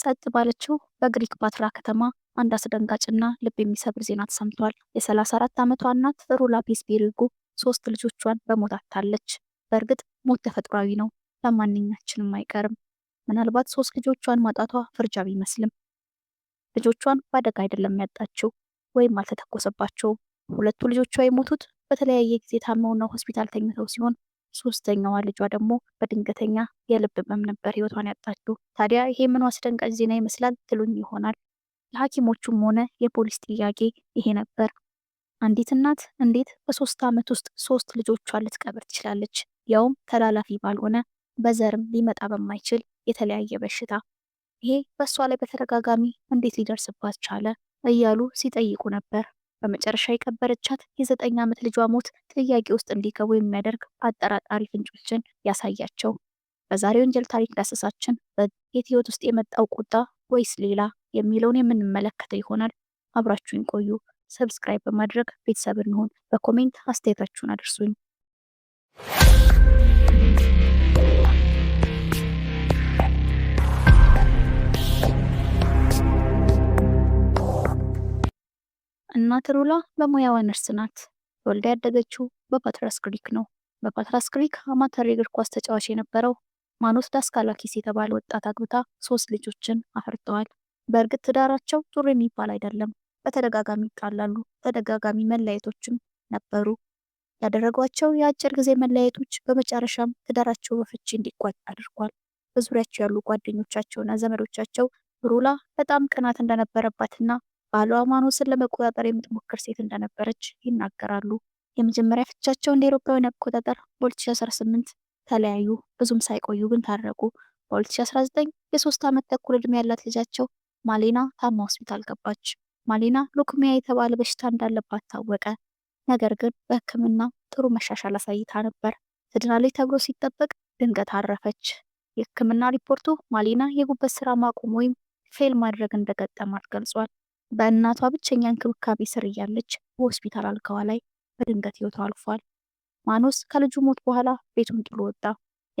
ጸጥ ባለችው በግሪክ ፓትራ ከተማ አንድ አስደንጋጭና ልብ የሚሰብር ዜና ተሰምቷል። የ34 ዓመቷ እናት ሩላ ፔስፔሪጎ ሶስት ልጆቿን በሞት አጥታለች። በእርግጥ ሞት ተፈጥሯዊ ነው፣ ለማንኛችንም አይቀርም። ምናልባት ሶስት ልጆቿን ማጣቷ ፍርጃ ቢመስልም ልጆቿን በአደጋ አይደለም ያጣችው፣ ወይም አልተተኮሰባቸውም። ሁለቱ ልጆቿ የሞቱት በተለያየ ጊዜ ታመውና ሆስፒታል ተኝተው ሲሆን ሶስተኛዋ ልጇ ደግሞ በድንገተኛ የልብ ህመም ነበር ህይወቷን ያጣችው። ታዲያ ይሄ ምን አስደንጋጭ ዜና ይመስላል ትሉኝ ይሆናል። የሐኪሞቹም ሆነ የፖሊስ ጥያቄ ይሄ ነበር። አንዲት እናት እንዴት በሶስት ዓመት ውስጥ ሶስት ልጆቿን ልትቀብር ትችላለች? ያውም ተላላፊ ባልሆነ በዘርም ሊመጣ በማይችል የተለያየ በሽታ። ይሄ በእሷ ላይ በተደጋጋሚ እንዴት ሊደርስባት ቻለ? እያሉ ሲጠይቁ ነበር። በመጨረሻ የቀበረቻት የዘጠኝ ዓመት ልጇ ሞት ጥያቄ ውስጥ እንዲገቡ የሚያደርግ አጠራጣሪ ፍንጮችን ያሳያቸው። በዛሬው ወንጀል ታሪክ ዳሰሳችን በጌት ህይወት ውስጥ የመጣው ቁጣ ወይስ ሌላ የሚለውን የምንመለከተው ይሆናል። አብራችሁን ቆዩ። ሰብስክራይብ በማድረግ ቤተሰብ እንሆን። በኮሜንት አስተያየታችሁን አድርሱኝ። ጆሃና ሩላ በሙያዋ ነርስ ናት። ተወልዳ ያደገችው በፓትራስ ክሪክ ነው። በፓትራስ ክሪክ አማተር እግር ኳስ ተጫዋች የነበረው ማኖስ ዳስካላኪስ የተባለ ወጣት አግብታ ሶስት ልጆችን አፈርተዋል። በእርግጥ ትዳራቸው ጥሩ የሚባል አይደለም። በተደጋጋሚ ይጣላሉ። ተደጋጋሚ መለያየቶችም ነበሩ። ያደረጓቸው የአጭር ጊዜ መለያየቶች በመጨረሻም ትዳራቸው በፍቺ እንዲቋጭ አድርጓል። በዙሪያቸው ያሉ ጓደኞቻቸውና ዘመዶቻቸው ሩላ በጣም ቅናት እንደነበረባትና ባሏ ማኖስን ለመቆጣጠር የምትሞክር ሴት እንደነበረች ይናገራሉ። የመጀመሪያ ፍቻቸው እንደ ኤሮፓውያን አቆጣጠር በ2018 ተለያዩ። ብዙም ሳይቆዩ ግን ታረቁ። በ2019 የሶስት ዓመት ተኩል ዕድሜ ያላት ልጃቸው ማሌና ታማ ሆስፒታል ገባች። ማሌና ሉክሚያ የተባለ በሽታ እንዳለባት ታወቀ። ነገር ግን በሕክምና ጥሩ መሻሻል አሳይታ ነበር። ትድናለች ተብሎ ሲጠበቅ ድንገት አረፈች። የሕክምና ሪፖርቱ ማሌና የጉበት ስራ ማቆም ወይም ፌል ማድረግ እንደገጠማት ገልጿል። በእናቷ ብቸኛ እንክብካቤ ስር እያለች በሆስፒታል አልጋዋ ላይ በድንገት ሕይወቷ አልፏል። ማኖስ ከልጁ ሞት በኋላ ቤቱን ጥሎ ወጣ።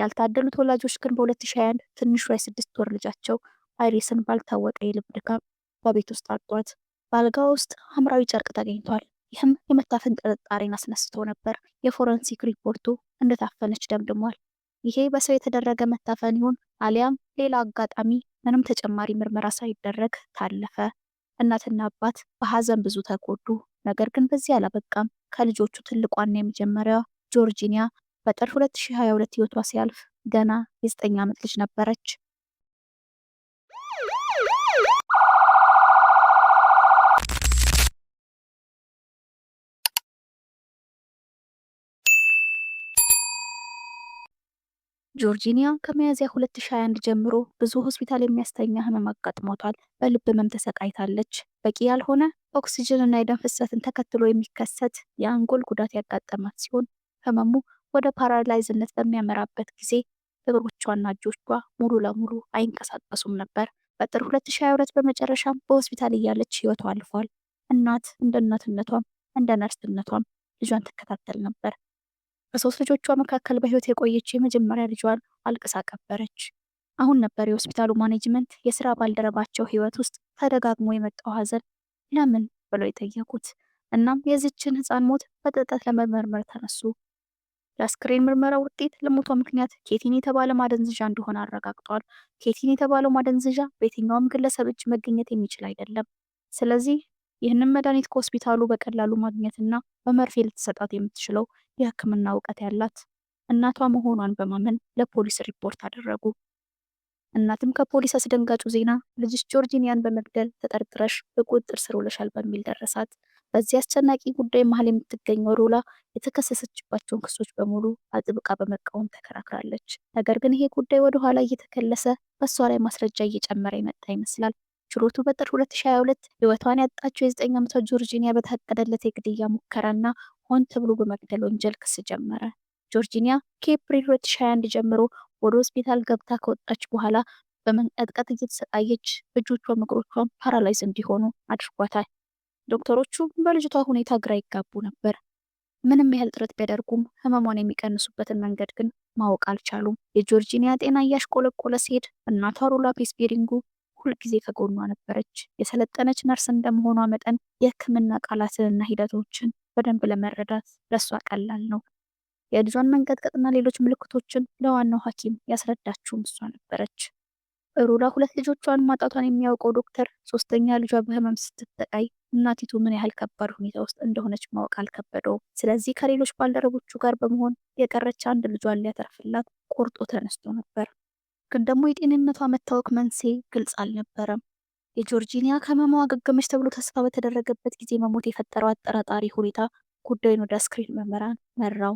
ያልታደሉት ወላጆች ግን በ2021 ትንሿ የስድስት ወር ልጃቸው አይሪስን ባልታወቀ የልብ ድካም በቤት ውስጥ አጧት። በአልጋዋ ውስጥ ሐምራዊ ጨርቅ ተገኝቷል። ይህም የመታፈን ጥርጣሬን አስነስቶ ነበር። የፎረንሲክ ሪፖርቱ እንደታፈነች ደምድሟል። ይሄ በሰው የተደረገ መታፈን ይሁን አሊያም ሌላ አጋጣሚ ምንም ተጨማሪ ምርመራ ሳይደረግ ታለፈ። እናትና አባት በሐዘን ብዙ ተጎዱ፣ ነገር ግን በዚህ አላበቃም። ከልጆቹ ትልቋና የመጀመሪያዋ ጆርጂኒያ በጥር 2022 ህይወቷ ሲያልፍ ገና የ9 ዓመት ልጅ ነበረች። ጆርጂኒያ ከሚያዝያ 2021 ጀምሮ ብዙ ሆስፒታል የሚያስተኛ ህመም አጋጥሟታል። በልብ ህመም ተሰቃይታለች። በቂ ያልሆነ ኦክሲጅን እና የደም ፍሰትን ተከትሎ የሚከሰት የአንጎል ጉዳት ያጋጠማት ሲሆን ህመሙ ወደ ፓራላይዝነት በሚያመራበት ጊዜ እግሮቿና እጆቿ ሙሉ ለሙሉ አይንቀሳቀሱም ነበር። በጥር 2022 በመጨረሻም በሆስፒታል እያለች ህይወቷ አልፏል። እናት እንደ እናትነቷም እንደ ነርስነቷም ልጇን ትከታተል ነበር። በሶስት ልጆቿ መካከል በህይወት የቆየች የመጀመሪያ ልጇን አልቅሳ ቀበረች። አሁን ነበር የሆስፒታሉ ማኔጅመንት የስራ ባልደረባቸው ህይወት ውስጥ ተደጋግሞ የመጣው ሀዘን ለምን ብለው የጠየቁት። እናም የዚችን ህፃን ሞት በጥልቀት ለመመርመር ተነሱ። የአስክሬን ምርመራ ውጤት ለሞቷ ምክንያት ኬቲን የተባለ ማደንዝዣ እንደሆነ አረጋግጧል። ኬቲን የተባለው ማደንዝዣ በየትኛውም ግለሰብ እጅ መገኘት የሚችል አይደለም። ስለዚህ ይህንን መድኃኒት ከሆስፒታሉ በቀላሉ ማግኘትና በመርፌ ልትሰጣት የምትችለው የህክምና እውቀት ያላት እናቷ መሆኗን በማመን ለፖሊስ ሪፖርት አደረጉ። እናትም ከፖሊስ አስደንጋጩ ዜና ልጅሽ ጆርጂኒያን በመግደል ተጠርጥረሽ በቁጥጥር ስር ውለሻል በሚል ደረሳት። በዚህ አስጨናቂ ጉዳይ መሀል የምትገኘው ሮላ የተከሰሰችባቸውን ክሶች በሙሉ አጥብቃ በመቃወም ተከራክራለች። ነገር ግን ይሄ ጉዳይ ወደኋላ እየተከለሰ በእሷ ላይ ማስረጃ እየጨመረ የመጣ ይመስላል። ችሎቱ በጥር 2022 ህይወቷን ያጣችው የዘጠኝ ዓመቷ ጆርጂኒያ በታቀደለት የግድያ ሙከራና ሆን ተብሎ በመግደል ወንጀል ክስ ጀመረ። ጆርጂኒያ ከኤፕሪል 2021 ጀምሮ ወደ ሆስፒታል ገብታ ከወጣች በኋላ በመንቀጥቀጥ እየተሰቃየች እጆቿም እግሮቿን ፓራላይዝ እንዲሆኑ አድርጓታል። ዶክተሮቹ በልጅቷ ሁኔታ ግራ ይጋቡ ነበር። ምንም ያህል ጥረት ቢያደርጉም ህመሟን የሚቀንሱበትን መንገድ ግን ማወቅ አልቻሉም። የጆርጂኒያ ጤና እያሽቆለቆለ ሲሄድ እናቷ ሮላ ፔስፔሪንጉ። ሁልጊዜ ከጎኗ ነበረች። የሰለጠነች ነርስ እንደመሆኗ መጠን የህክምና ቃላትንና ሂደቶችን በደንብ ለመረዳት ለእሷ ቀላል ነው። የልጇን መንቀጥቀጥና ሌሎች ምልክቶችን ለዋናው ሐኪም ያስረዳችውም እሷ ነበረች። ሩላ ሁለት ልጆቿን ማጣቷን የሚያውቀው ዶክተር ሶስተኛ ልጇ በህመም ስትጠቃይ እናቲቱ ምን ያህል ከባድ ሁኔታ ውስጥ እንደሆነች ማወቅ አልከበደውም። ስለዚህ ከሌሎች ባልደረቦቹ ጋር በመሆን የቀረች አንድ ልጇን ሊያተርፍላት ቆርጦ ተነስቶ ነበር። ግን ደግሞ የጤንነቷ መታወክ መንስኤ ግልጽ አልነበረም። የጆርጂኒያ ከህመሟ ገገመች ተብሎ ተስፋ በተደረገበት ጊዜ መሞት የፈጠረው አጠራጣሪ ሁኔታ ጉዳዩን ወደ አስክሬን ምርመራ መራው።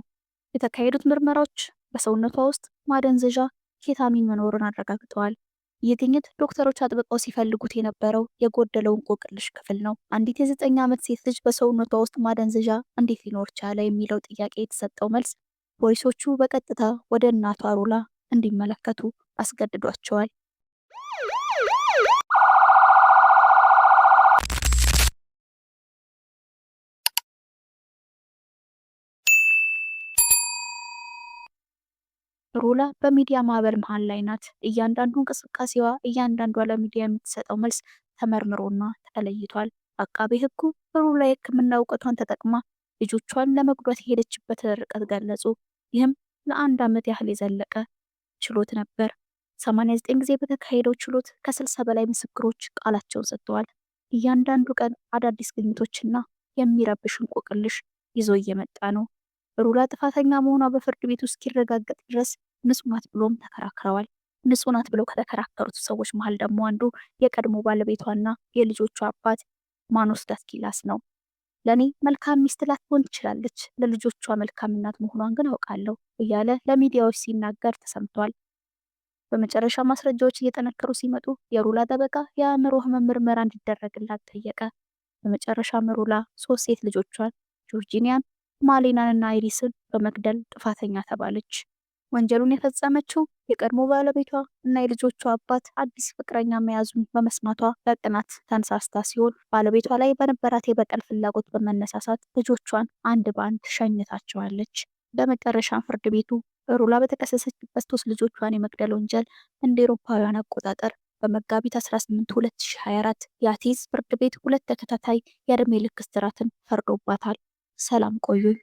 የተካሄዱት ምርመራዎች በሰውነቷ ውስጥ ማደንዘዣ ኬታሚን መኖሩን አረጋግጠዋል። ይህ ግኝት ዶክተሮች አጥብቀው ሲፈልጉት የነበረው የጎደለው እንቆቅልሽ ክፍል ነው። አንዲት የዘጠኝ ዓመት ሴት ልጅ በሰውነቷ ውስጥ ማደንዘዣ እንዴት ሊኖር ቻለ የሚለው ጥያቄ የተሰጠው መልስ ፖሊሶቹ በቀጥታ ወደ እናቷ ሮላ እንዲመለከቱ አስገድዷቸዋል። ሮላ በሚዲያ ማዕበል መሀል ላይ ናት። እያንዳንዱ እንቅስቃሴዋ፣ እያንዳንዷ ለሚዲያ የምትሰጠው መልስ ተመርምሮና ተለይቷል። አቃቤ ሕጉ በሩላ የሕክምና እውቀቷን ተጠቅማ ልጆቿን ለመጉዳት የሄደችበትን ርቀት ገለጹ። ይህም ለአንድ ዓመት ያህል የዘለቀ ችሎት ነበር። 89 ጊዜ በተካሄደው ችሎት ከ60 በላይ ምስክሮች ቃላቸውን ሰጥተዋል። እያንዳንዱ ቀን አዳዲስ ግኝቶችና የሚረብሽ እንቆቅልሽ ይዞ እየመጣ ነው። ሩላ ጥፋተኛ መሆኗ በፍርድ ቤቱ እስኪረጋገጥ ድረስ ንጹህ ናት ብሎም ተከራክረዋል። ንጹህ ናት ብለው ከተከራከሩት ሰዎች መሀል ደግሞ አንዱ የቀድሞ ባለቤቷና የልጆቿ አባት ማኖስ ዳስኪላስ ነው። ለእኔ መልካም ሚስት ላትሆን ትችላለች፣ ለልጆቿ መልካም እናት መሆኗን ግን አውቃለሁ እያለ ለሚዲያዎች ሲናገር ተሰምቷል። በመጨረሻ ማስረጃዎች እየጠነከሩ ሲመጡ የሩላ ጠበቃ የአእምሮ ህመም ምርመራ እንዲደረግላት ጠየቀ። በመጨረሻም ሩላ ሶስት ሴት ልጆቿን ጆርጂኒያን፣ ማሊናን እና አይሪስን በመግደል ጥፋተኛ ተባለች። ወንጀሉን የፈጸመችው የቀድሞ ባለቤቷ እና የልጆቿ አባት አዲስ ፍቅረኛ መያዙን በመስማቷ በቅናት ተነሳስታ ሲሆን ባለቤቷ ላይ በነበራት የበቀል ፍላጎት በመነሳሳት ልጆቿን አንድ በአንድ ሸኝታቸዋለች። በመጨረሻም ፍርድ ቤቱ ሩላ በተከሰሰችበት ሶስት ልጆቿን የመግደል ወንጀል እንደ ኤሮፓውያን አቆጣጠር በመጋቢት 18 2024 የአቴዝ ፍርድ ቤት ሁለት ተከታታይ የእድሜ ልክ እስራትን ፈርዶባታል። ሰላም ቆዩኝ።